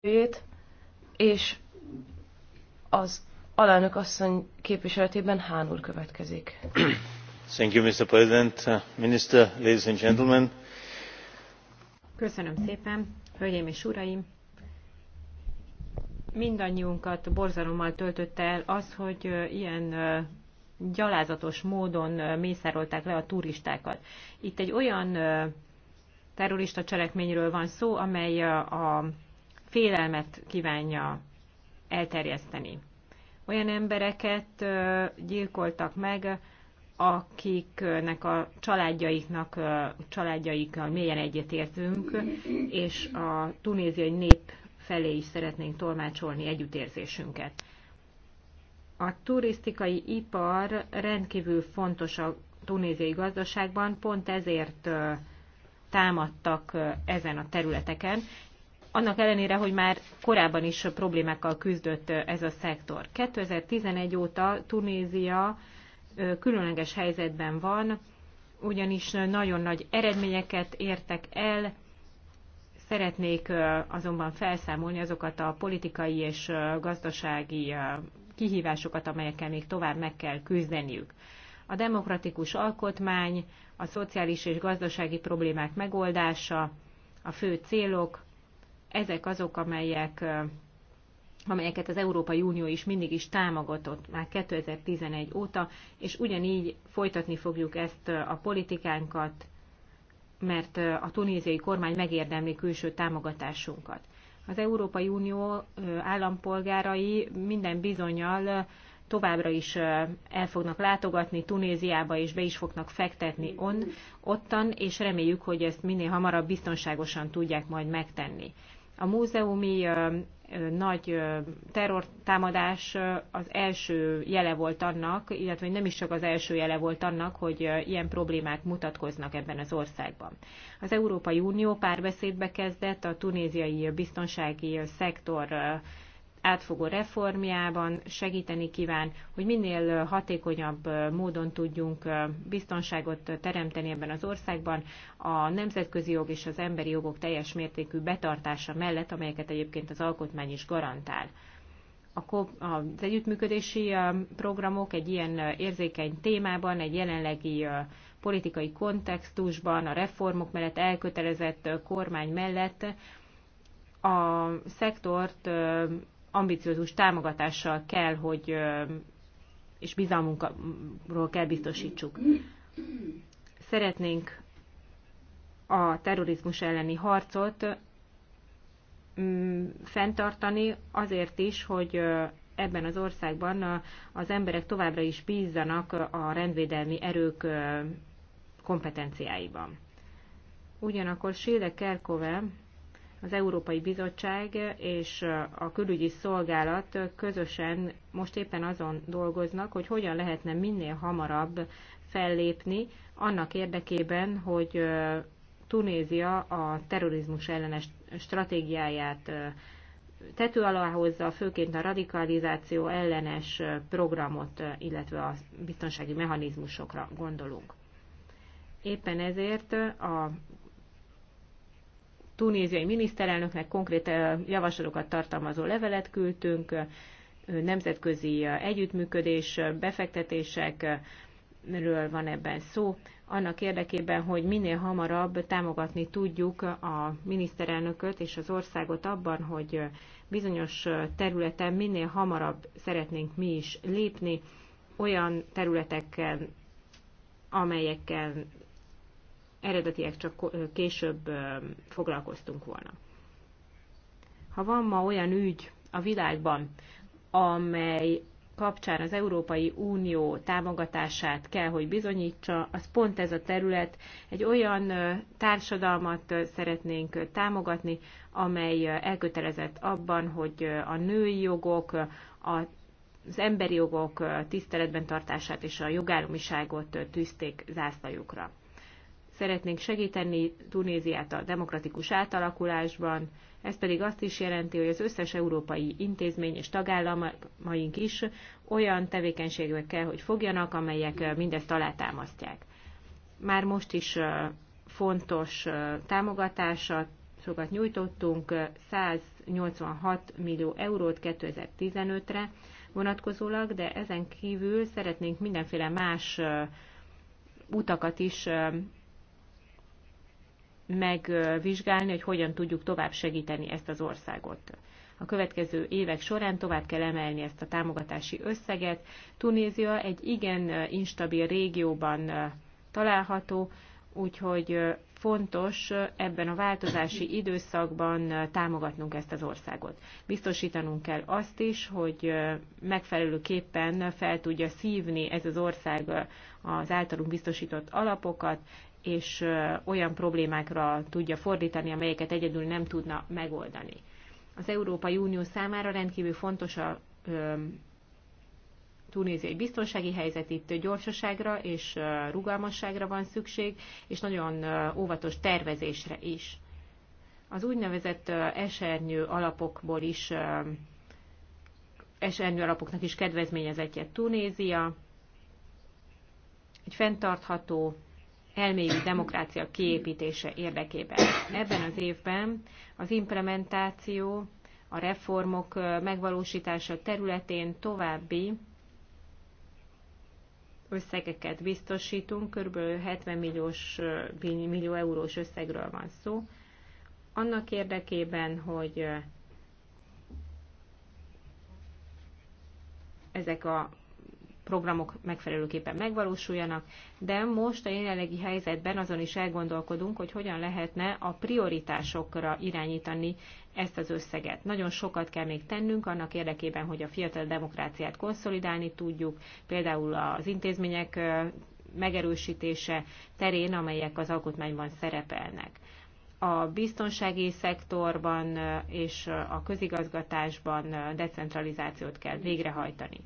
képviselőjét, és az alelnök asszony képviseletében Hán úr következik. Thank you, Mr. President. Uh, Minister, ladies and gentlemen. Köszönöm szépen, hölgyeim és uraim. Mindannyiunkat borzalommal töltötte el az, hogy uh, ilyen uh, gyalázatos módon mészárolták le a turistákat. Itt egy olyan terrorista cselekményről van szó, amely a félelmet kívánja elterjeszteni. Olyan embereket gyilkoltak meg, akiknek a családjaiknak, családjaikkal mélyen egyetértünk, és a tunéziai nép felé is szeretnénk tolmácsolni együttérzésünket. A turisztikai ipar rendkívül fontos a tunéziai gazdaságban, pont ezért támadtak ezen a területeken, annak ellenére, hogy már korábban is problémákkal küzdött ez a szektor. 2011 óta Tunézia különleges helyzetben van, ugyanis nagyon nagy eredményeket értek el, Szeretnék azonban felszámolni azokat a politikai és gazdasági kihívásokat, amelyekkel még tovább meg kell küzdeniük. A demokratikus alkotmány, a szociális és gazdasági problémák megoldása, a fő célok, ezek azok, amelyek amelyeket az Európai Unió is mindig is támogatott már 2011 óta, és ugyanígy folytatni fogjuk ezt a politikánkat, mert a tunéziai kormány megérdemli külső támogatásunkat. Az Európai Unió állampolgárai minden bizonyal továbbra is el fognak látogatni Tunéziába, és be is fognak fektetni on, ottan, és reméljük, hogy ezt minél hamarabb biztonságosan tudják majd megtenni. A múzeumi nagy terrortámadás az első jele volt annak, illetve nem is csak az első jele volt annak, hogy ilyen problémák mutatkoznak ebben az országban. Az Európai Unió párbeszédbe kezdett a tunéziai biztonsági szektor átfogó reformjában segíteni kíván, hogy minél hatékonyabb módon tudjunk biztonságot teremteni ebben az országban a nemzetközi jog és az emberi jogok teljes mértékű betartása mellett, amelyeket egyébként az alkotmány is garantál. Az együttműködési programok egy ilyen érzékeny témában, egy jelenlegi politikai kontextusban, a reformok mellett elkötelezett kormány mellett a szektort ambiciózus támogatással kell, hogy és bizalmunkról kell biztosítsuk. Szeretnénk a terrorizmus elleni harcot mm, fenntartani azért is, hogy ebben az országban az emberek továbbra is bízzanak a rendvédelmi erők kompetenciáiban. Ugyanakkor Sile Kerkove az Európai Bizottság és a külügyi szolgálat közösen most éppen azon dolgoznak, hogy hogyan lehetne minél hamarabb fellépni annak érdekében, hogy Tunézia a terrorizmus ellenes stratégiáját tető alá hozza, főként a radikalizáció ellenes programot, illetve a biztonsági mechanizmusokra gondolunk. Éppen ezért a tunéziai miniszterelnöknek konkrét javaslatokat tartalmazó levelet küldtünk, nemzetközi együttműködés, befektetésekről van ebben szó, annak érdekében, hogy minél hamarabb támogatni tudjuk a miniszterelnököt és az országot abban, hogy bizonyos területen minél hamarabb szeretnénk mi is lépni, olyan területeken, amelyekkel eredetileg csak később foglalkoztunk volna. Ha van ma olyan ügy a világban, amely kapcsán az Európai Unió támogatását kell, hogy bizonyítsa, az pont ez a terület. Egy olyan társadalmat szeretnénk támogatni, amely elkötelezett abban, hogy a női jogok, az emberi jogok tiszteletben tartását és a jogállamiságot tűzték zászlajukra. Szeretnénk segíteni Tunéziát a demokratikus átalakulásban, ez pedig azt is jelenti, hogy az összes európai intézmény és tagállamaink is olyan tevékenységbe kell, hogy fogjanak, amelyek mindezt alátámasztják. Már most is fontos támogatását sokat nyújtottunk, 186 millió eurót 2015-re vonatkozólag, de ezen kívül szeretnénk mindenféle más utakat is megvizsgálni, hogy hogyan tudjuk tovább segíteni ezt az országot. A következő évek során tovább kell emelni ezt a támogatási összeget. Tunézia egy igen instabil régióban található, úgyhogy fontos ebben a változási időszakban támogatnunk ezt az országot. Biztosítanunk kell azt is, hogy megfelelőképpen fel tudja szívni ez az ország az általunk biztosított alapokat, és olyan problémákra tudja fordítani, amelyeket egyedül nem tudna megoldani. Az Európai Unió számára rendkívül fontos a tunéziai biztonsági helyzet, itt gyorsaságra és rugalmasságra van szükség, és nagyon óvatos tervezésre is. Az úgynevezett esernyő alapokból is, esernyő alapoknak is kedvezményezetje Tunézia, egy fenntartható elmélyű demokrácia kiépítése érdekében. Ebben az évben az implementáció, a reformok megvalósítása területén további összegeket biztosítunk, kb. 70 milliós, millió eurós összegről van szó, annak érdekében, hogy ezek a programok megfelelőképpen megvalósuljanak, de most a jelenlegi helyzetben azon is elgondolkodunk, hogy hogyan lehetne a prioritásokra irányítani ezt az összeget. Nagyon sokat kell még tennünk annak érdekében, hogy a fiatal demokráciát konszolidálni tudjuk, például az intézmények megerősítése terén, amelyek az alkotmányban szerepelnek. A biztonsági szektorban és a közigazgatásban decentralizációt kell végrehajtani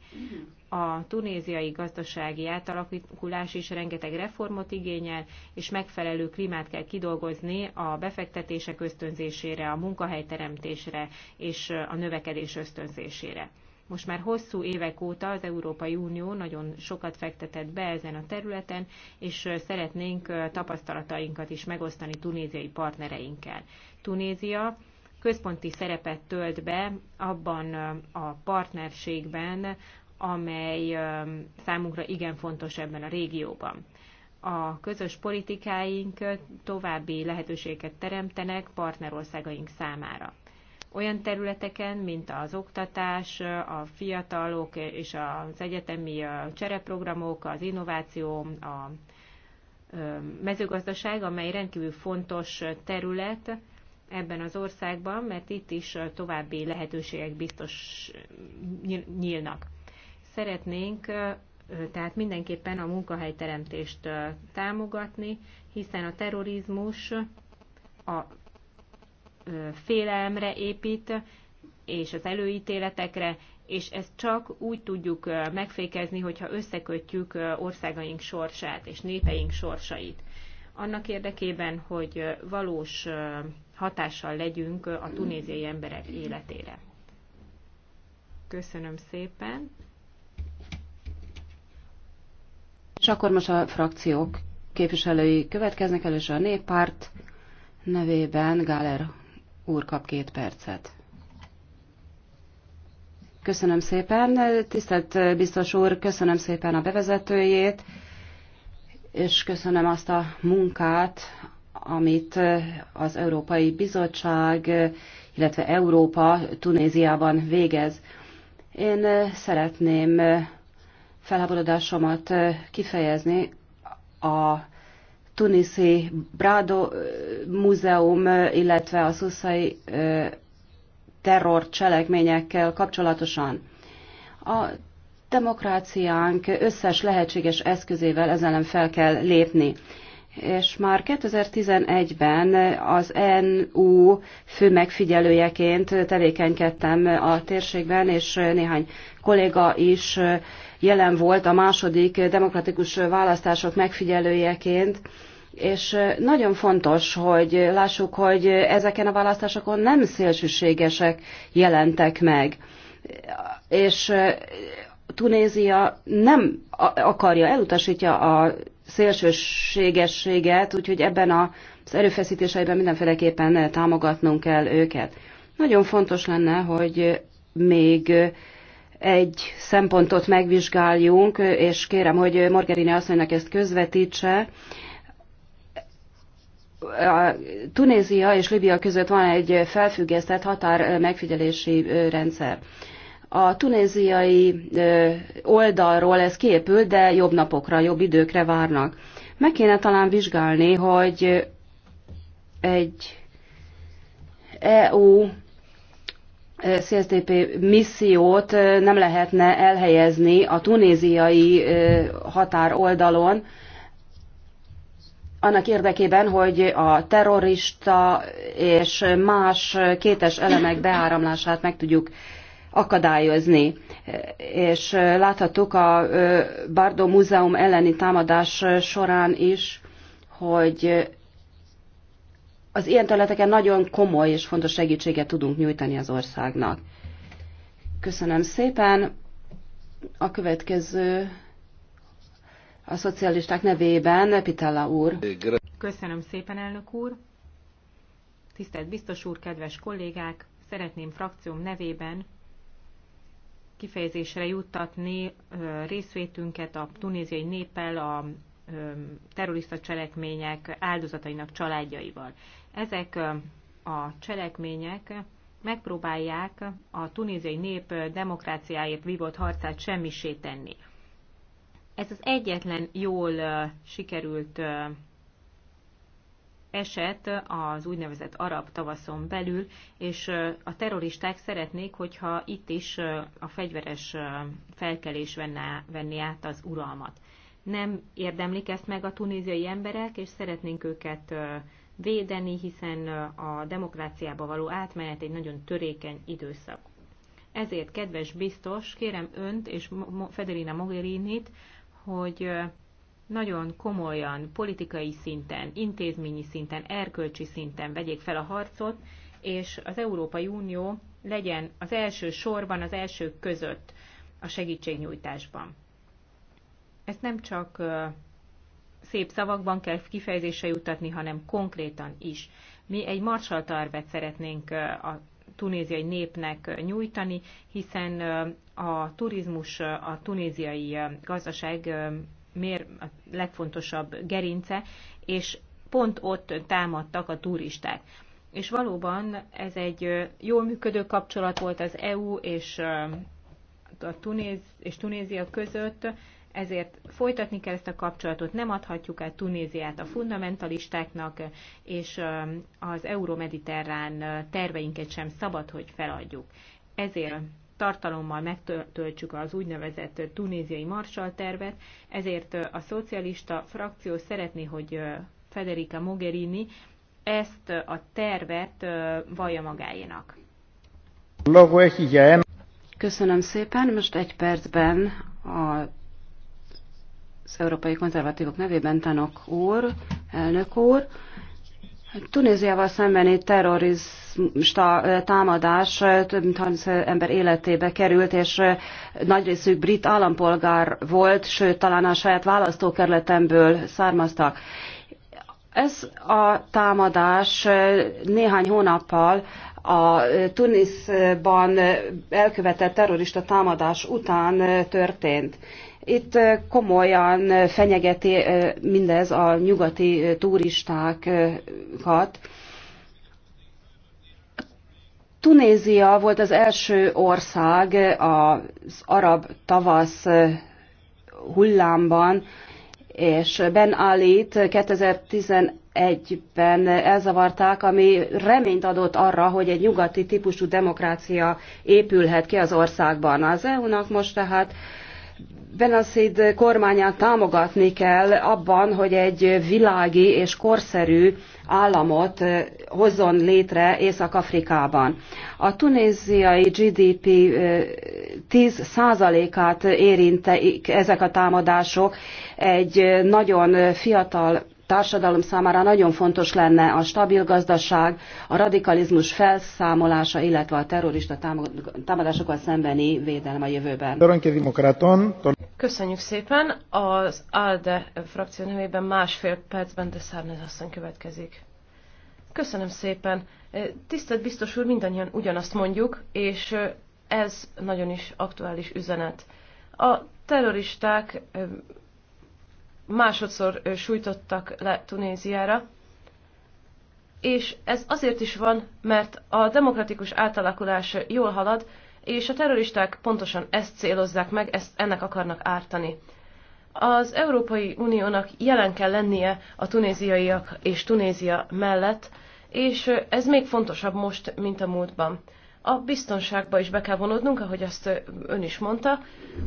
a tunéziai gazdasági átalakulás is rengeteg reformot igényel, és megfelelő klímát kell kidolgozni a befektetések ösztönzésére, a munkahelyteremtésre és a növekedés ösztönzésére. Most már hosszú évek óta az Európai Unió nagyon sokat fektetett be ezen a területen, és szeretnénk tapasztalatainkat is megosztani tunéziai partnereinkkel. Tunézia központi szerepet tölt be abban a partnerségben, amely számunkra igen fontos ebben a régióban. A közös politikáink további lehetőséget teremtenek partnerországaink számára. Olyan területeken, mint az oktatás, a fiatalok és az egyetemi csereprogramok, az innováció, a mezőgazdaság, amely rendkívül fontos terület, ebben az országban, mert itt is további lehetőségek biztos nyílnak. Szeretnénk tehát mindenképpen a munkahelyteremtést támogatni, hiszen a terrorizmus a félelemre épít, és az előítéletekre, és ezt csak úgy tudjuk megfékezni, hogyha összekötjük országaink sorsát és népeink sorsait. Annak érdekében, hogy valós hatással legyünk a tunéziai emberek életére. Köszönöm szépen. És akkor most a frakciók képviselői következnek, először a néppárt nevében Gáler úr kap két percet. Köszönöm szépen, tisztelt biztos úr, köszönöm szépen a bevezetőjét, és köszönöm azt a munkát, amit az Európai Bizottság, illetve Európa Tunéziában végez. Én szeretném felháborodásomat eh, kifejezni. A tuniszi Brado eh, Múzeum, eh, illetve a szuszai terror cselekményekkel kapcsolatosan. A demokráciánk összes lehetséges eszközével ezzel ellen fel kell lépni. És már 2011-ben az NU fő megfigyelőjeként tevékenykedtem a térségben, és néhány kolléga is jelen volt a második demokratikus választások megfigyelőjeként, és nagyon fontos, hogy lássuk, hogy ezeken a választásokon nem szélsőségesek jelentek meg. És Tunézia nem akarja, elutasítja a szélsőségességet, úgyhogy ebben az erőfeszítéseiben mindenféleképpen támogatnunk kell őket. Nagyon fontos lenne, hogy még egy szempontot megvizsgáljunk, és kérem, hogy Morgerini asszonynak ezt közvetítse. A Tunézia és Libia között van egy felfüggesztett határ megfigyelési rendszer. A tunéziai oldalról ez kiépül, de jobb napokra, jobb időkre várnak. Meg kéne talán vizsgálni, hogy egy EU CSTP missziót nem lehetne elhelyezni a tunéziai határ oldalon, annak érdekében, hogy a terrorista és más kétes elemek beáramlását meg tudjuk akadályozni. És láthattuk a Bardo Múzeum elleni támadás során is, hogy az ilyen területeken nagyon komoly és fontos segítséget tudunk nyújtani az országnak. Köszönöm szépen. A következő a szocialisták nevében Pitella úr. Köszönöm szépen, elnök úr. Tisztelt biztos úr, kedves kollégák, szeretném frakcióm nevében kifejezésre juttatni részvétünket a tunéziai néppel a terrorista cselekmények áldozatainak családjaival. Ezek a cselekmények megpróbálják a tunéziai nép demokráciáért vívott harcát semmisé tenni. Ez az egyetlen jól sikerült eset az úgynevezett arab tavaszon belül, és a terroristák szeretnék, hogyha itt is a fegyveres felkelés venné át az uralmat nem érdemlik ezt meg a tunéziai emberek, és szeretnénk őket védeni, hiszen a demokráciába való átmenet egy nagyon törékeny időszak. Ezért, kedves biztos, kérem önt és Federina Mogherinit, hogy nagyon komolyan, politikai szinten, intézményi szinten, erkölcsi szinten vegyék fel a harcot, és az Európai Unió legyen az első sorban, az első között a segítségnyújtásban. Ezt nem csak szép szavakban kell kifejezésre juttatni, hanem konkrétan is. Mi egy marsaltarvet szeretnénk a tunéziai népnek nyújtani, hiszen a turizmus a tunéziai gazdaság mér a legfontosabb gerince, és pont ott támadtak a turisták. És valóban ez egy jól működő kapcsolat volt az EU és a Tunéz, és Tunézia között, ezért folytatni kell ezt a kapcsolatot, nem adhatjuk el Tunéziát a fundamentalistáknak, és az euromediterrán terveinket sem szabad, hogy feladjuk. Ezért tartalommal megtöltsük az úgynevezett tunéziai marsal tervet, ezért a szocialista frakció szeretné, hogy Federica Mogherini ezt a tervet vallja magáénak. Köszönöm szépen, most egy percben a az Európai Konzervatívok nevében Tanok úr, elnök úr. Tunéziával szembeni terrorista támadás több mint 30 ember életébe került, és nagy részük brit állampolgár volt, sőt, talán a saját választókerületemből származtak. Ez a támadás néhány hónappal a Tunisban elkövetett terrorista támadás után történt itt komolyan fenyegeti mindez a nyugati turistákat. Tunézia volt az első ország az arab tavasz hullámban, és Ben Alit 2011-ben elzavarták, ami reményt adott arra, hogy egy nyugati típusú demokrácia épülhet ki az országban. Az EU-nak most tehát Benaszid kormányát támogatni kell abban, hogy egy világi és korszerű államot hozzon létre Észak-Afrikában. A tunéziai GDP 10%-át eh, érintik ezek a támadások egy eh, nagyon fiatal társadalom számára nagyon fontos lenne a stabil gazdaság, a radikalizmus felszámolása, illetve a terrorista támadásokkal szembeni védelem a jövőben. Köszönjük szépen. Az ALDE frakció nevében másfél percben de Szárnez asszony következik. Köszönöm szépen. Eh, tisztelt biztos úr, mindannyian ugyanazt mondjuk, és eh, ez nagyon is aktuális üzenet. A terroristák eh, másodszor sújtottak le Tunéziára, és ez azért is van, mert a demokratikus átalakulás jól halad, és a terroristák pontosan ezt célozzák meg, ezt ennek akarnak ártani. Az Európai Uniónak jelen kell lennie a tunéziaiak és Tunézia mellett, és ez még fontosabb most, mint a múltban a biztonságba is be kell vonódnunk, ahogy azt ön is mondta,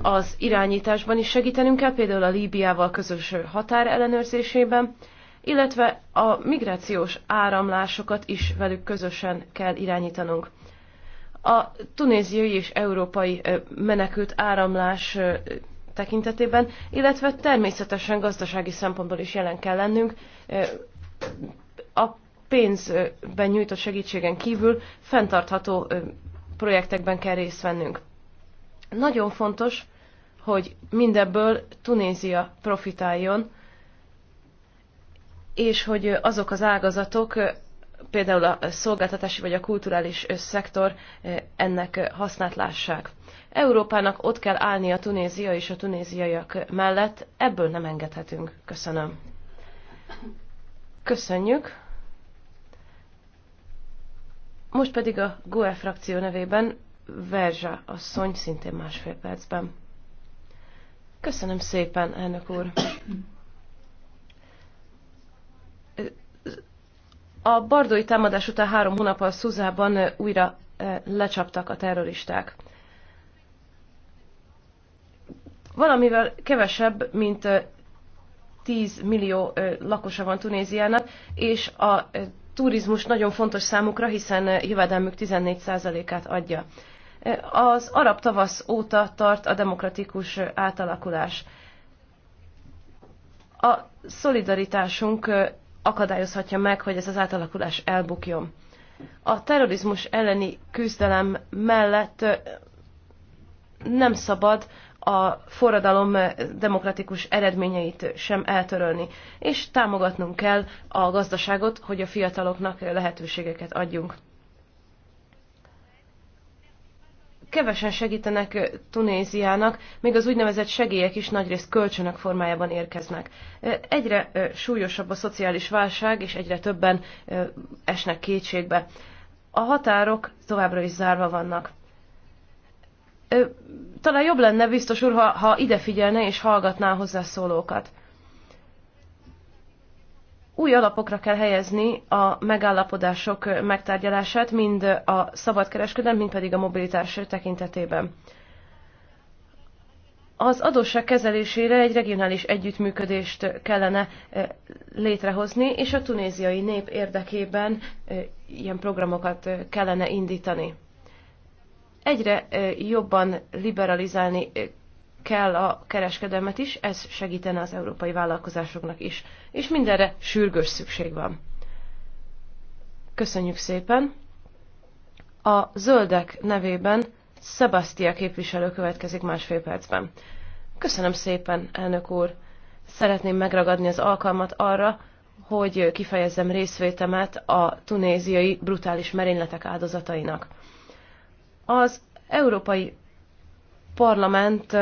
az irányításban is segítenünk kell, például a Líbiával közös határ ellenőrzésében, illetve a migrációs áramlásokat is velük közösen kell irányítanunk. A tunéziai és európai menekült áramlás tekintetében, illetve természetesen gazdasági szempontból is jelen kell lennünk. A pénzben nyújtott segítségen kívül fenntartható projektekben kell részt vennünk. Nagyon fontos, hogy mindebből Tunézia profitáljon, és hogy azok az ágazatok, például a szolgáltatási vagy a kulturális szektor ennek hasznát lássák. Európának ott kell állni a Tunézia és a tunéziaiak mellett, ebből nem engedhetünk. Köszönöm. Köszönjük. Most pedig a GUE frakció nevében Verzsa asszony szintén másfél percben. Köszönöm szépen, elnök úr. A bardói támadás után három hónappal Szuzában újra e, lecsaptak a terroristák. Valamivel kevesebb, mint 10 e, millió e, lakosa van Tunéziának, és a turizmus nagyon fontos számukra, hiszen eh, jövedelmük 14%-át adja. Eh, az arab tavasz óta tart a demokratikus eh, átalakulás. A szolidaritásunk akadályozhatja meg, hogy ez az átalakulás elbukjon. A terrorizmus elleni küzdelem mellett nem szabad a forradalom demokratikus eredményeit sem eltörölni, és támogatnunk kell a gazdaságot, hogy a fiataloknak lehetőségeket adjunk. Kevesen segítenek Tunéziának, még az úgynevezett segélyek is nagyrészt kölcsönök formájában érkeznek. Egyre súlyosabb a szociális válság, és egyre többen esnek kétségbe. A határok továbbra is zárva vannak talán jobb lenne, biztos úr, ha, ha ide figyelne és hallgatná hozzá szólókat. Új alapokra kell helyezni a megállapodások megtárgyalását, mind a szabadkereskedelem, mind pedig a mobilitás tekintetében. Az adósság kezelésére egy regionális együttműködést kellene létrehozni, és a tunéziai nép érdekében ilyen programokat kellene indítani. Egyre jobban liberalizálni kell a kereskedelmet is, ez segítene az európai vállalkozásoknak is. És mindenre sürgős szükség van. Köszönjük szépen! A zöldek nevében Sebastia képviselő következik másfél percben. Köszönöm szépen, elnök úr! Szeretném megragadni az alkalmat arra, hogy kifejezzem részvétemet a tunéziai brutális merényletek áldozatainak. Az Európai Parlament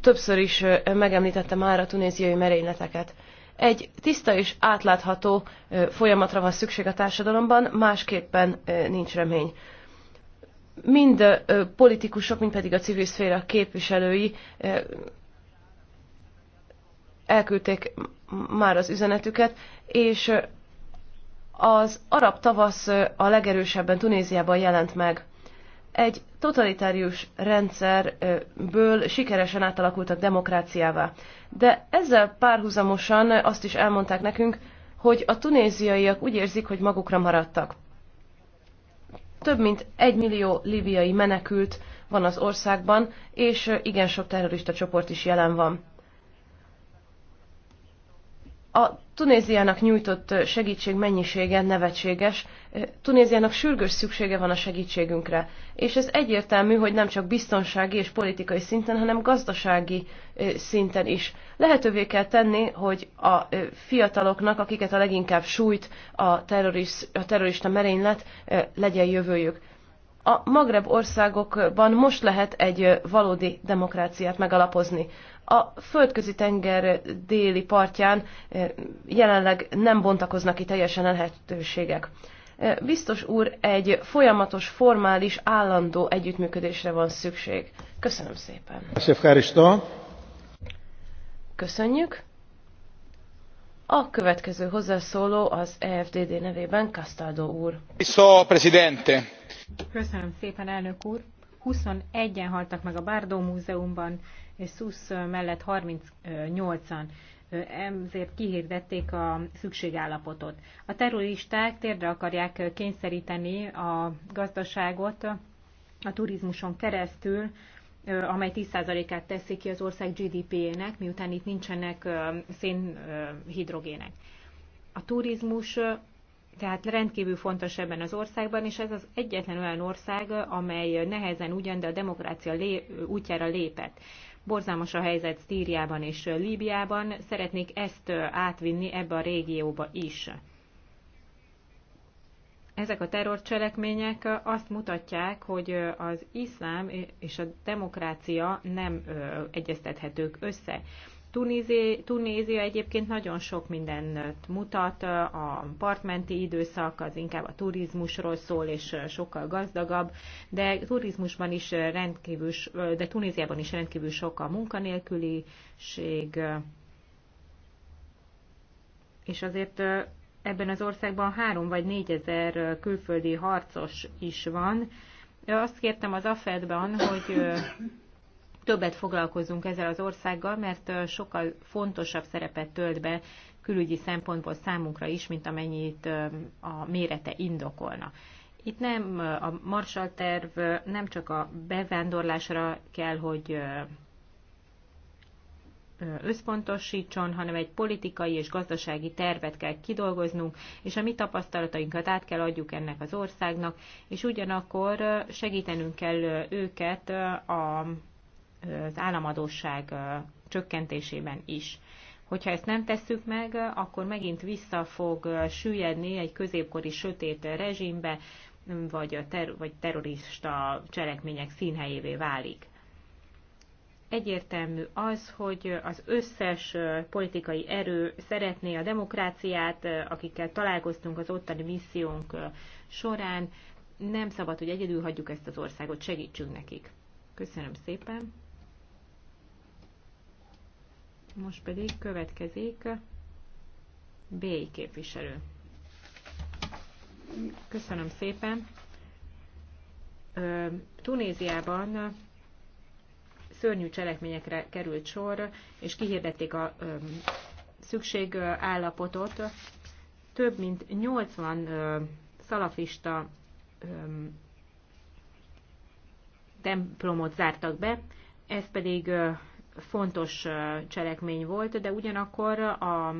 többször is megemlítette már a tunéziai merényleteket. Egy tiszta és átlátható folyamatra van szükség a társadalomban, másképpen nincs remény mind politikusok, mind pedig a civil szféra képviselői elküldték már az üzenetüket, és az arab tavasz a legerősebben Tunéziában jelent meg. Egy totalitárius rendszerből sikeresen átalakultak demokráciává. De ezzel párhuzamosan azt is elmondták nekünk, hogy a tunéziaiak úgy érzik, hogy magukra maradtak. Több mint egy millió libiai menekült van az országban, és igen sok terrorista csoport is jelen van. A Tunéziának nyújtott segítség mennyisége nevetséges. Tunéziának sürgős szüksége van a segítségünkre. És ez egyértelmű, hogy nem csak biztonsági és politikai szinten, hanem gazdasági szinten is. Lehetővé kell tenni, hogy a fiataloknak, akiket a leginkább sújt a, terrorisz, a terrorista merénylet, legyen jövőjük. A Magreb országokban most lehet egy valódi demokráciát megalapozni. A földközi tenger déli partján eh, jelenleg nem bontakoznak ki teljesen lehetőségek. Eh, biztos úr, egy folyamatos, formális, állandó együttműködésre van szükség. Köszönöm szépen. Köszönjük. A következő hozzászóló az EFDD nevében Castaldo úr. Köszönöm szépen, elnök úr. 21-en haltak meg a Bárdó Múzeumban, és Sus mellett 38-an ezért kihirdették a szükségállapotot. A terroristák térdre akarják kényszeríteni a gazdaságot a turizmuson keresztül, amely 10%-át teszi ki az ország GDP-jének, miután itt nincsenek szénhidrogének. A turizmus tehát rendkívül fontos ebben az országban, és ez az egyetlen olyan ország, amely nehezen ugyan, de a demokrácia lé, útjára lépett borzalmas a helyzet Szíriában és Líbiában, szeretnék ezt átvinni ebbe a régióba is. Ezek a terrorcselekmények azt mutatják, hogy az iszlám és a demokrácia nem egyeztethetők össze. Tunézia, Tunézia egyébként nagyon sok mindent mutat, a partmenti időszak az inkább a turizmusról szól, és sokkal gazdagabb, de turizmusban is rendkívül, de Tunéziában is rendkívül sok a munkanélküliség, és azért ebben az országban három vagy négyezer külföldi harcos is van. Azt kértem az AFED-ben, hogy többet foglalkozzunk ezzel az országgal, mert sokkal fontosabb szerepet tölt be külügyi szempontból számunkra is, mint amennyit a mérete indokolna. Itt nem a Marshall terv nem csak a bevándorlásra kell, hogy összpontosítson, hanem egy politikai és gazdasági tervet kell kidolgoznunk, és a mi tapasztalatainkat át kell adjuk ennek az országnak, és ugyanakkor segítenünk kell őket a az államadóság csökkentésében is. Hogyha ezt nem tesszük meg, akkor megint vissza fog süllyedni egy középkori sötét rezsimbe, vagy, ter- vagy terrorista cselekmények színhelyévé válik. Egyértelmű az, hogy az összes politikai erő szeretné a demokráciát, akikkel találkoztunk az ottani missziónk során. Nem szabad, hogy egyedül hagyjuk ezt az országot, segítsünk nekik. Köszönöm szépen! Most pedig következik B képviselő. Köszönöm szépen. Tunéziában szörnyű cselekményekre került sor, és kihirdették a szükség állapotot. Több mint 80 szalafista templomot zártak be, ez pedig fontos cselekmény volt, de ugyanakkor a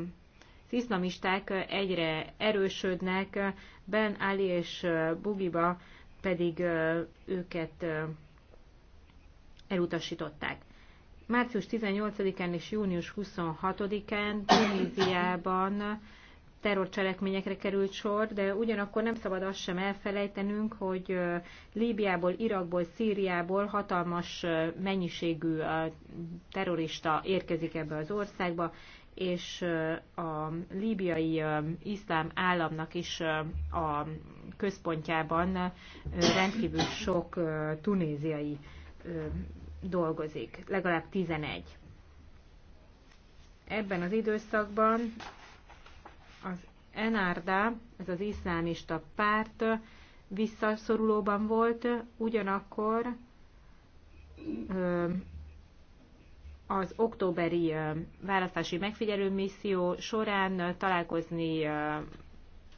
iszlamisták egyre erősödnek, Ben Ali és Bugiba pedig őket elutasították. Március 18-án és június 26-án Tunéziában terrorcselekményekre került sor, de ugyanakkor nem szabad azt sem elfelejtenünk, hogy Líbiából, Irakból, Szíriából hatalmas mennyiségű terrorista érkezik ebbe az országba, és a líbiai iszlám államnak is a központjában rendkívül sok tunéziai dolgozik, legalább 11. Ebben az időszakban az Enárda, ez az iszlámista párt visszaszorulóban volt, ugyanakkor az októberi választási megfigyelő misszió során találkozni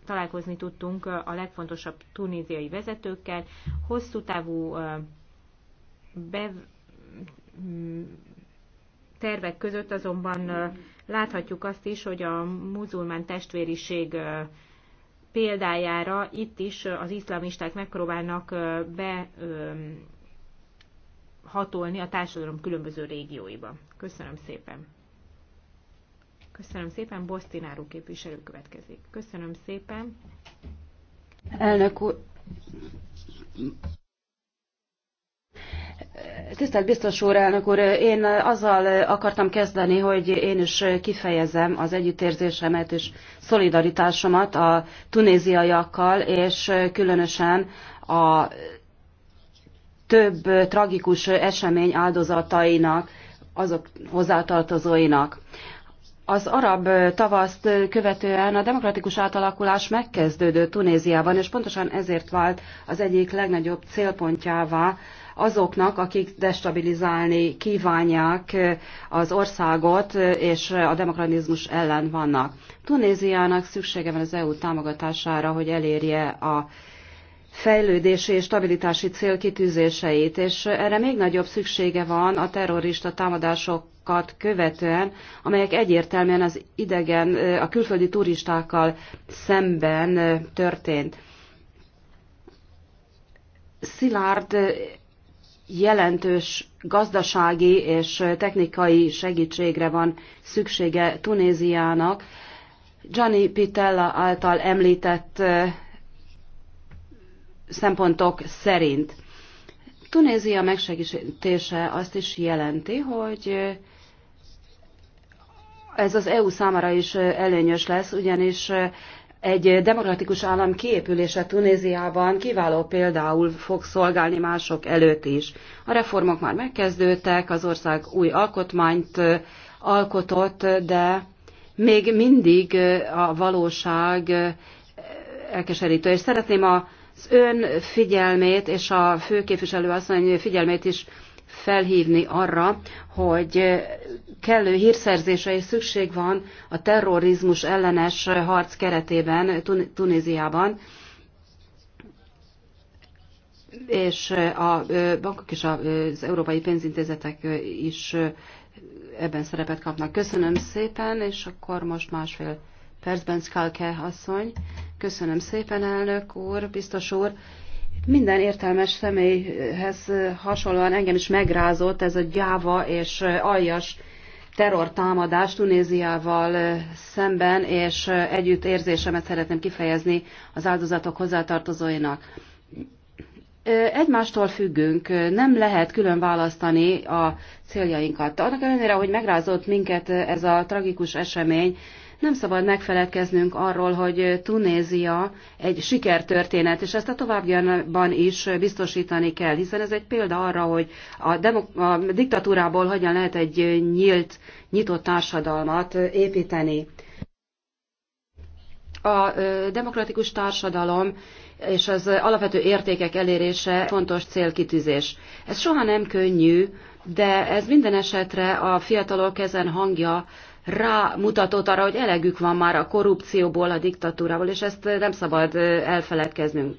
találkozni tudtunk a legfontosabb tunéziai vezetőkkel, hosszú távú be, tervek között azonban láthatjuk azt is, hogy a muzulmán testvériség példájára itt is az iszlamisták megpróbálnak behatolni a társadalom különböző régióiba. Köszönöm szépen! Köszönöm szépen, Bosztináru képviselő következik. Köszönöm szépen. Elnök úr, Tisztelt biztos úr, elnök úr, én azzal akartam kezdeni, hogy én is kifejezem az együttérzésemet és szolidaritásomat a tunéziaiakkal, és különösen a több tragikus esemény áldozatainak, azok hozzátartozóinak. Az arab tavaszt követően a demokratikus átalakulás megkezdődött Tunéziában, és pontosan ezért vált az egyik legnagyobb célpontjává azoknak, akik destabilizálni kívánják eh, az országot, eh, és eh, a demokratizmus ellen vannak. Tunéziának szüksége van az EU támogatására, hogy elérje a fejlődési és stabilitási célkitűzéseit, és erre még nagyobb szüksége van a terrorista támadásokat követően, amelyek egyértelműen az idegen, a külföldi turistákkal szemben történt. Szilárd jelentős gazdasági és technikai segítségre van szüksége Tunéziának. Gianni Pitella által említett szempontok szerint. Tunézia megsegítése azt is jelenti, hogy ez az EU számára is előnyös lesz, ugyanis egy demokratikus állam kiépülése Tunéziában kiváló például fog szolgálni mások előtt is. A reformok már megkezdődtek, az ország új alkotmányt alkotott, de még mindig a valóság elkeserítő. És szeretném az ön figyelmét és a főképviselő asszony figyelmét is felhívni arra, hogy kellő hírszerzésre is szükség van a terrorizmus ellenes harc keretében Tun- Tunéziában, és a bankok és az európai pénzintézetek is ebben szerepet kapnak. Köszönöm szépen, és akkor most másfél percben Skalke asszony. Köszönöm szépen, elnök úr, biztos úr. Minden értelmes személyhez hasonlóan engem is megrázott ez a gyáva és aljas terrortámadás Tunéziával szemben, és együtt érzésemet szeretném kifejezni az áldozatok hozzátartozóinak. Egymástól függünk, nem lehet külön választani a céljainkat. Annak ellenére, hogy megrázott minket ez a tragikus esemény, nem szabad megfeledkeznünk arról, hogy Tunézia egy sikertörténet, és ezt a továbbiakban is biztosítani kell, hiszen ez egy példa arra, hogy a, a diktatúrából hogyan lehet egy nyílt, nyitott társadalmat építeni. A demokratikus társadalom és az alapvető értékek elérése fontos célkitűzés. Ez soha nem könnyű, de ez minden esetre a fiatalok ezen hangja rámutatott arra, hogy elegük van már a korrupcióból, a diktatúrából, és ezt nem szabad elfeledkeznünk.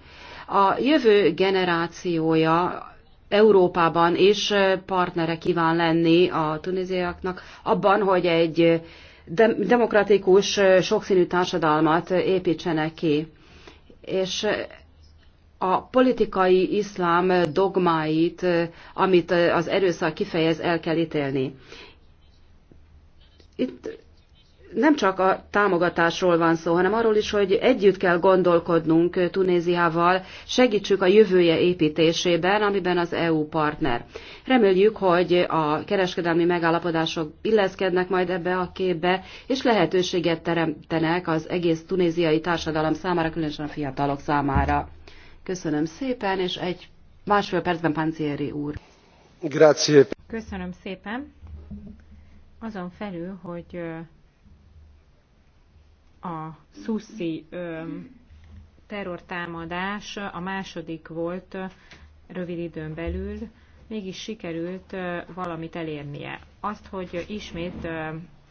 A jövő generációja Európában is partnere kíván lenni a tunéziaknak abban, hogy egy demokratikus, sokszínű társadalmat építsenek ki. És a politikai iszlám dogmáit, amit az erőszak kifejez, el kell ítélni. Itt nem csak a támogatásról van szó, hanem arról is, hogy együtt kell gondolkodnunk Tunéziával, segítsük a jövője építésében, amiben az EU partner. Reméljük, hogy a kereskedelmi megállapodások illeszkednek majd ebbe a képbe, és lehetőséget teremtenek az egész tunéziai társadalom számára, különösen a fiatalok számára. Köszönöm szépen, és egy másfél percben Pancieri úr. Grazie. Köszönöm szépen. Azon felül, hogy a Szuszi terrortámadás a második volt rövid időn belül, mégis sikerült valamit elérnie. Azt, hogy ismét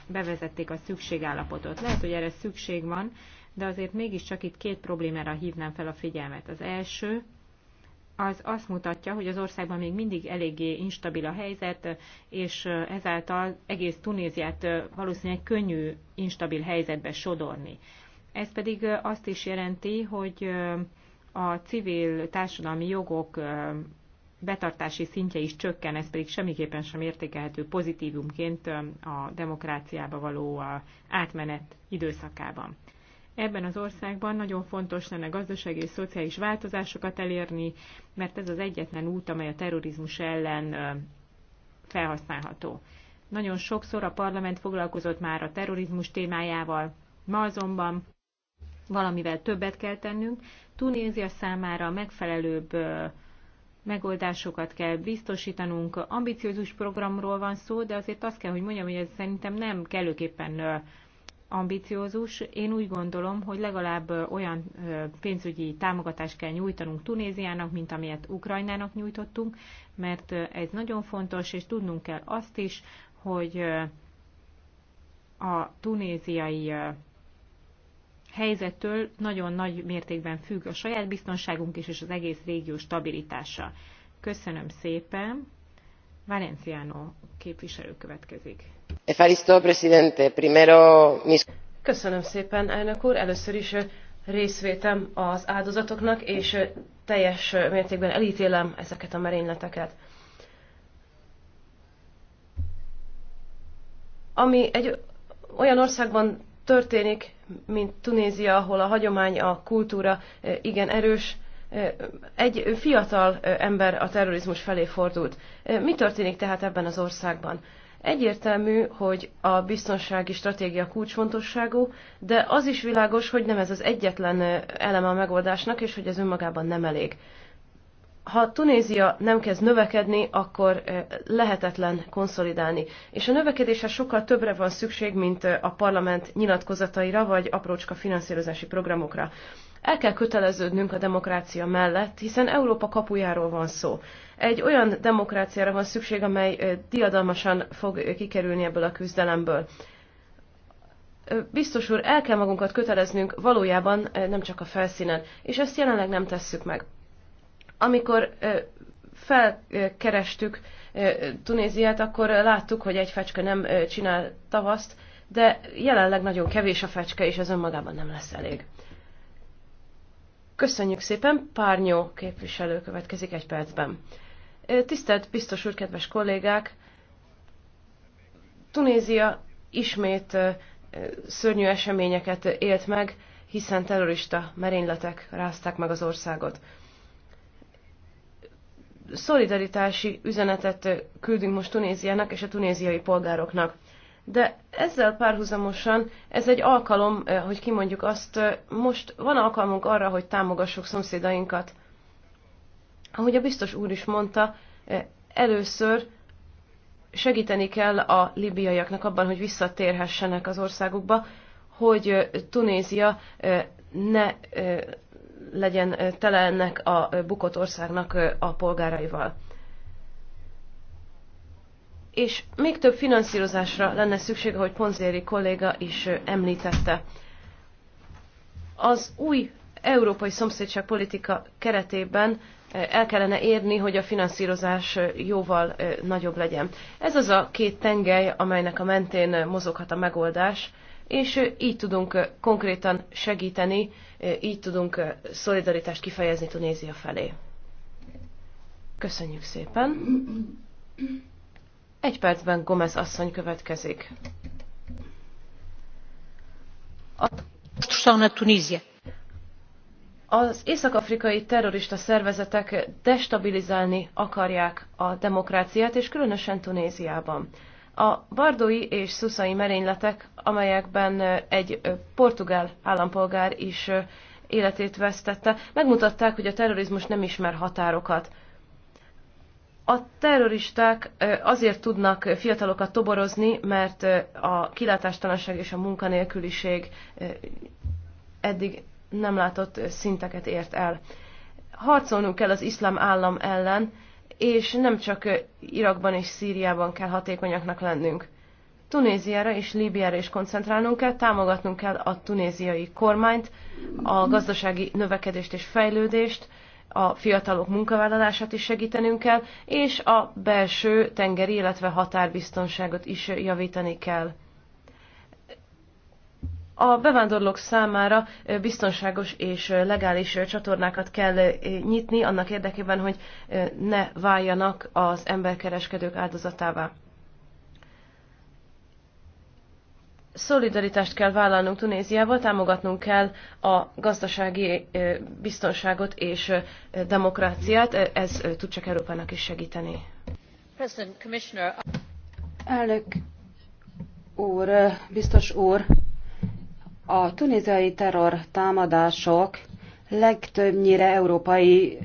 bevezették a szükségállapotot. Lehet, hogy erre szükség van, de azért mégiscsak itt két problémára hívnám fel a figyelmet. Az első, az azt mutatja, hogy az országban még mindig eléggé instabil a helyzet, és eh, ezáltal egész Tunéziát eh, valószínűleg könnyű instabil helyzetbe sodorni. Ez pedig eh, azt is jelenti, hogy a civil társadalmi jogok betartási szintje is csökken, ez pedig semmiképpen sem értékelhető pozitívumként a demokráciába való átmenet időszakában ebben az országban nagyon fontos lenne gazdasági és szociális változásokat elérni, mert ez az egyetlen út, amely a terrorizmus ellen felhasználható. Nagyon sokszor a parlament foglalkozott már a terrorizmus témájával, ma azonban valamivel többet kell tennünk. Tunézia számára megfelelőbb megoldásokat kell biztosítanunk. Ambiciózus programról van szó, de azért azt kell, hogy mondjam, hogy ez szerintem nem kellőképpen ambiciózus. Én úgy gondolom, hogy legalább olyan pénzügyi támogatást kell nyújtanunk Tunéziának, mint amilyet Ukrajnának nyújtottunk, mert ez nagyon fontos, és tudnunk kell azt is, hogy a tunéziai helyzettől nagyon nagy mértékben függ a saját biztonságunk is, és az egész régió stabilitása. Köszönöm szépen. Valenciano képviselő következik. E Köszönöm szépen, elnök úr. Először is részvétem az áldozatoknak, és teljes mértékben eltélem ezeket a merényleteket. Ami egy olyan országban történik, mint Tunézia, ahol a hagyomány, a kultúra igen erős, egy fiatal ember a terrorizmus felé fordult. Mi történik tehát ebben az országban? Egyértelmű, hogy a biztonsági stratégia kulcsfontosságú, de az is világos, hogy nem ez az egyetlen eleme a megoldásnak, és hogy ez önmagában nem elég. Ha Tunézia nem kezd növekedni, akkor lehetetlen konszolidálni. És a növekedéshez sokkal többre van szükség, mint a parlament nyilatkozataira vagy aprócska finanszírozási programokra. El kell köteleződnünk a demokrácia mellett, hiszen Európa kapujáról van szó. Egy olyan demokráciára van szükség, amely diadalmasan fog kikerülni ebből a küzdelemből. Biztos úr, el kell magunkat köteleznünk valójában nem csak a felszínen, és ezt jelenleg nem tesszük meg. Amikor felkerestük Tunéziát, akkor láttuk, hogy egy fecske nem csinál tavaszt, de jelenleg nagyon kevés a fecske, és ez önmagában nem lesz elég. Köszönjük szépen, Párnyó képviselő következik egy percben. Tisztelt biztos úr, kedves kollégák! Tunézia ismét szörnyű eseményeket élt meg, hiszen terrorista merényletek rázták meg az országot. Szolidaritási üzenetet küldünk most Tunéziának és a tunéziai polgároknak. De ezzel párhuzamosan ez egy alkalom, eh, hogy kimondjuk azt, eh, most van alkalmunk arra, hogy támogassuk szomszédainkat. Ahogy a biztos úr is mondta, eh, először segíteni kell a libiaiaknak abban, hogy visszatérhessenek az országukba, hogy Tunézia ne legyen tele ennek a bukott országnak a polgáraival és még több finanszírozásra lenne szükség, ahogy Ponzéri kolléga is említette. Az új európai szomszédság politika keretében el kellene érni, hogy a finanszírozás jóval nagyobb legyen. Ez az a két tengely, amelynek a mentén mozoghat a megoldás, és így tudunk konkrétan segíteni, így tudunk szolidaritást kifejezni Tunézia felé. Köszönjük szépen! Egy percben Gomez asszony következik. A... Az észak-afrikai terrorista szervezetek destabilizálni akarják a demokráciát, és különösen Tunéziában. A bardói és szuszai merényletek, amelyekben egy portugál állampolgár is életét vesztette, megmutatták, hogy a terrorizmus nem ismer határokat. A terroristák azért tudnak fiatalokat toborozni, mert a kilátástalanság és a munkanélküliség eddig nem látott szinteket ért el. Harcolnunk kell az iszlám állam ellen, és nem csak Irakban és Szíriában kell hatékonyaknak lennünk. Tunéziára és Líbiára is koncentrálnunk kell, támogatnunk kell a tunéziai kormányt, a gazdasági növekedést és fejlődést, a fiatalok munkavállalását is segítenünk kell, és a belső tengeri, illetve határbiztonságot is javítani kell. A bevándorlók számára biztonságos és legális csatornákat kell nyitni annak érdekében, hogy ne váljanak az emberkereskedők áldozatává. szolidaritást kell vállalnunk Tunéziával, támogatnunk kell a gazdasági biztonságot és demokráciát, ez tud csak Európának is segíteni. Elnök úr, biztos úr, a tunéziai terror támadások legtöbbnyire európai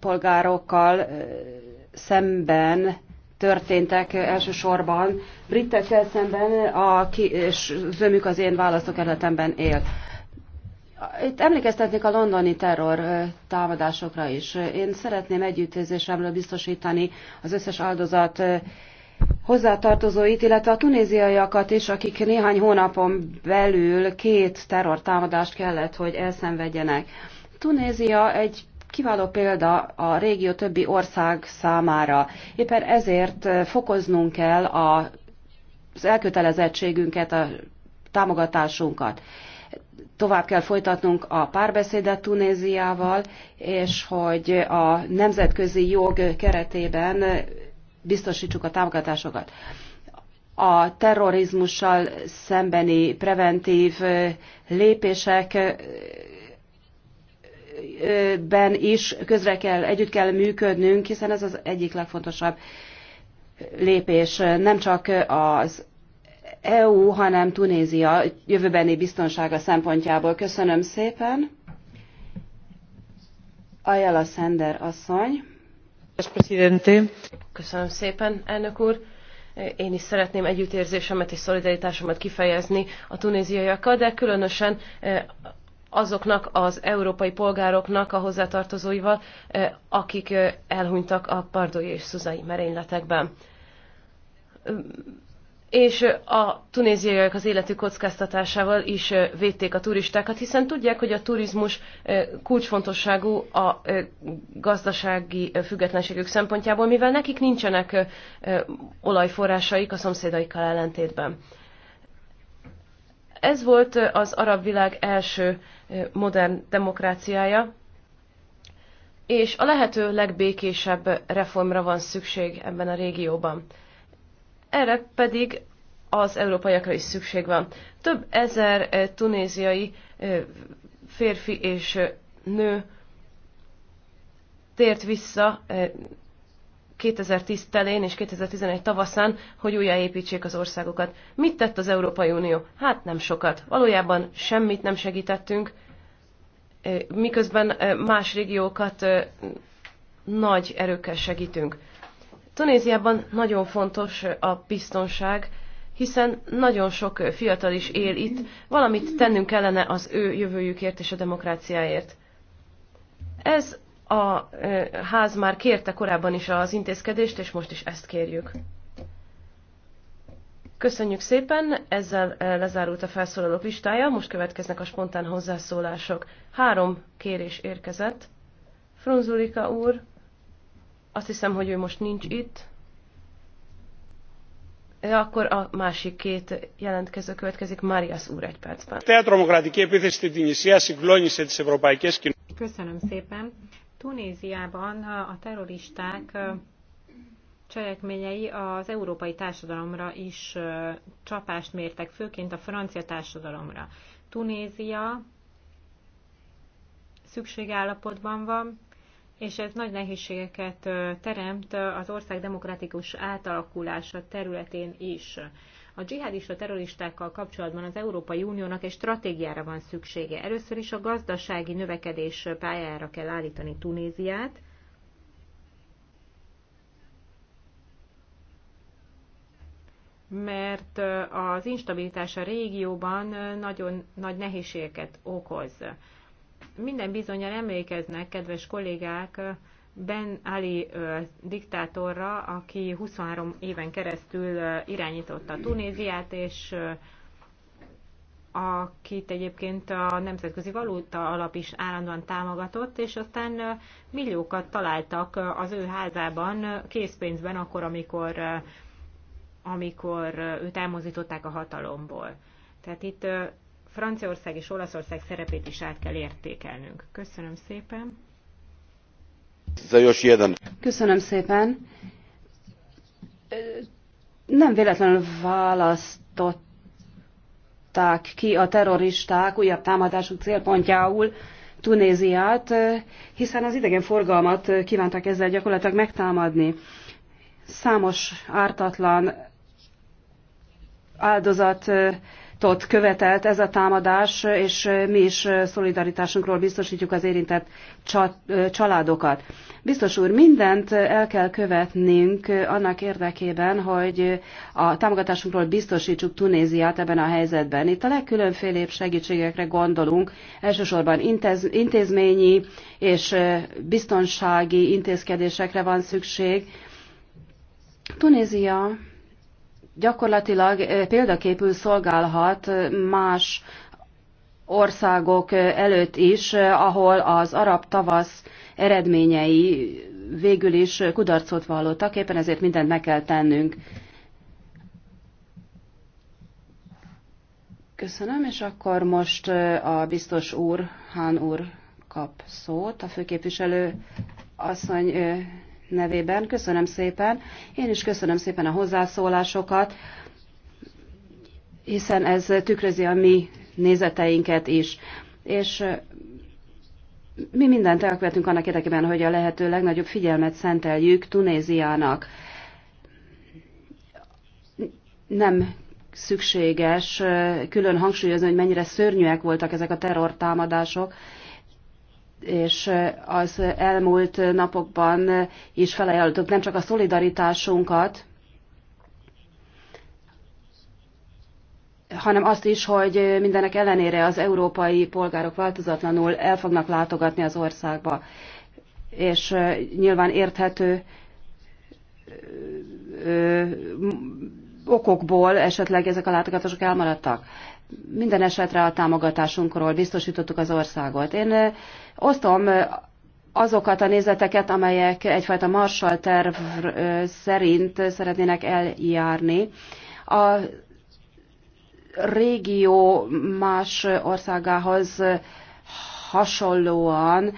polgárokkal szemben történtek elsősorban. Britekkel szemben, a, és zömük az én választókerületemben él. Itt emlékeztetnék a londoni terror támadásokra is. Én szeretném együttérzésemről biztosítani az összes áldozat hozzátartozóit, illetve a tunéziaiakat is, akik néhány hónapon belül két terrortámadást kellett, hogy elszenvedjenek. Tunézia egy kiváló példa a régió többi ország számára. Éppen ezért eh, fokoznunk kell a, az elkötelezettségünket, a támogatásunkat. Tovább kell folytatnunk a párbeszédet Tunéziával, és hogy a nemzetközi jog keretében biztosítsuk a támogatásokat. A terrorizmussal szembeni preventív eh, lépések eh, ben is közre kell, együtt kell működnünk, hiszen ez az egyik legfontosabb lépés nem csak az EU, hanem Tunézia jövőbeni biztonsága szempontjából. Köszönöm szépen. Ajala Szender asszony. Köszönöm szépen, elnök úr. Én is szeretném együttérzésemet és szolidaritásomat kifejezni a tunéziaiakkal, de különösen eh, azoknak az európai polgároknak a hozzátartozóival, akik elhunytak a pardói és szuzai merényletekben. És a tunéziaiak az életük kockáztatásával is védték a turistákat, hiszen tudják, hogy a turizmus kulcsfontosságú a gazdasági függetlenségük szempontjából, mivel nekik nincsenek olajforrásaik a szomszédaikkal ellentétben. Ez volt az arab világ első modern demokráciája, és a lehető legbékésebb reformra van szükség ebben a régióban. Erre pedig az európaiakra is szükség van. Több ezer tunéziai férfi és nő tért vissza 2010 telén és 2011 tavaszán, hogy újjáépítsék az országokat. Mit tett az Európai Unió? Hát nem sokat. Valójában semmit nem segítettünk, miközben más régiókat nagy erőkkel segítünk. Tunéziában nagyon fontos a biztonság, hiszen nagyon sok fiatal is él itt, valamit tennünk kellene az ő jövőjükért és a demokráciáért. Ez a ház már kérte korábban is az intézkedést, és most is ezt kérjük. Köszönjük szépen, ezzel lezárult a felszólalók listája, most következnek a spontán hozzászólások. Három kérés érkezett. Frunzulika úr, azt hiszem, hogy ő most nincs itt. De akkor a másik két jelentkező következik, Marias úr egy percben. Köszönöm szépen. Tunéziában a terroristák cselekményei az európai társadalomra is csapást mértek, főként a francia társadalomra. Tunézia szükségállapotban van, és ez nagy nehézségeket teremt az ország demokratikus átalakulása területén is. A dzsihadista terroristákkal kapcsolatban az Európai Uniónak egy stratégiára van szüksége. Először is a gazdasági növekedés pályára kell állítani Tunéziát, mert az instabilitás a régióban nagyon nagy nehézségeket okoz. Minden bizonyal emlékeznek, kedves kollégák, Ben Ali ö, diktátorra, aki 23 éven keresztül ö, irányította a Tunéziát, és ö, akit egyébként a Nemzetközi Valuta Alap is állandóan támogatott, és aztán ö, milliókat találtak az ő házában ö, készpénzben akkor, amikor, ö, amikor ö, őt elmozították a hatalomból. Tehát itt ö, Franciaország és Olaszország szerepét is át kell értékelnünk. Köszönöm szépen! Köszönöm szépen. Nem véletlenül választották ki a terroristák újabb támadásuk célpontjául Tunéziát, hiszen az idegenforgalmat kívántak ezzel gyakorlatilag megtámadni. Számos ártatlan áldozat tot követelt ez a támadás, és mi is szolidaritásunkról biztosítjuk az érintett családokat. Biztos úr, mindent el kell követnünk annak érdekében, hogy a támogatásunkról biztosítsuk Tunéziát ebben a helyzetben. Itt a legkülönfélébb segítségekre gondolunk, elsősorban intézményi és biztonsági intézkedésekre van szükség. Tunézia gyakorlatilag példaképül szolgálhat más országok előtt is, ahol az arab tavasz eredményei végül is kudarcot vallottak, éppen ezért mindent meg kell tennünk. Köszönöm, és akkor most a biztos úr, Hán úr kap szót, a főképviselő asszony nevében. Köszönöm szépen. Én is köszönöm szépen a hozzászólásokat, hiszen ez tükrözi a mi nézeteinket is. És mi mindent elkövetünk annak érdekében, hogy a lehető legnagyobb figyelmet szenteljük Tunéziának. Nem szükséges külön hangsúlyozni, hogy mennyire szörnyűek voltak ezek a terrortámadások, és az elmúlt napokban is felajánlottuk nem csak a szolidaritásunkat, hanem azt is, hogy mindenek ellenére az európai polgárok változatlanul el fognak látogatni az országba. És nyilván érthető okokból esetleg ezek a látogatások elmaradtak. Minden esetre a támogatásunkról biztosítottuk az országot. Én Osztom azokat a nézeteket, amelyek egyfajta Marshall terv szerint szeretnének eljárni. A régió más országához hasonlóan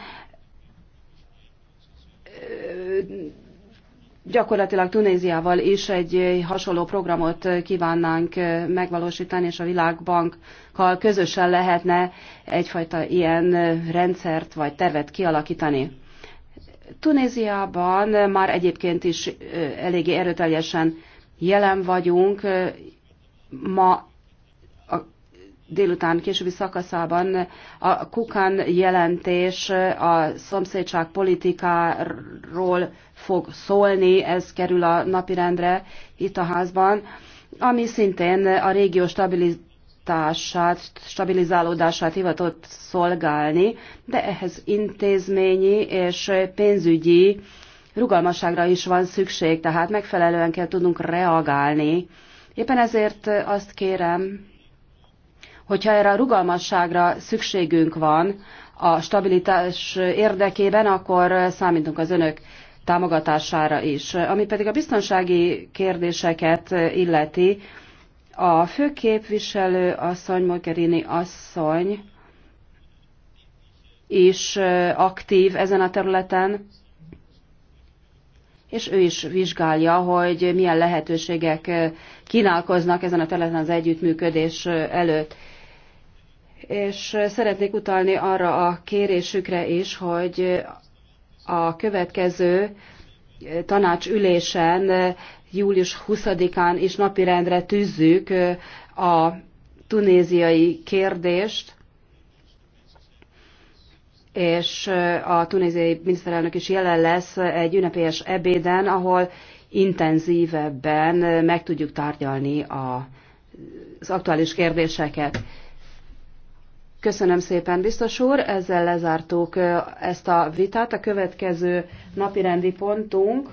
gyakorlatilag Tunéziával is egy hasonló programot kívánnánk megvalósítani, és a Világbankkal közösen lehetne egyfajta ilyen rendszert vagy tervet kialakítani. Tunéziában már egyébként is eléggé erőteljesen jelen vagyunk. Ma a délután későbbi szakaszában a Kukan jelentés a szomszédság politikáról fog szólni, ez kerül a napirendre itt a házban, ami szintén a régió stabilitását, stabilizálódását hivatott szolgálni, de ehhez intézményi és pénzügyi rugalmasságra is van szükség, tehát megfelelően kell tudnunk reagálni. Éppen ezért azt kérem, hogyha erre a rugalmasságra szükségünk van a stabilitás érdekében, akkor számítunk az önök támogatására is. Ami pedig a biztonsági kérdéseket illeti, a főképviselő asszony, Mogherini asszony is aktív ezen a területen, és ő is vizsgálja, hogy milyen lehetőségek kínálkoznak ezen a területen az együttműködés előtt. És szeretnék utalni arra a kérésükre is, hogy a következő tanácsülésen eh, július 20-án is napirendre tűzzük eh, a tunéziai kérdést, és eh, a tunéziai miniszterelnök is jelen lesz egy ünnepélyes ebéden, ahol intenzívebben meg tudjuk tárgyalni az aktuális kérdéseket. Köszönöm szépen, biztos úr. Ezzel lezártuk ezt a vitát. A következő napirendi pontunk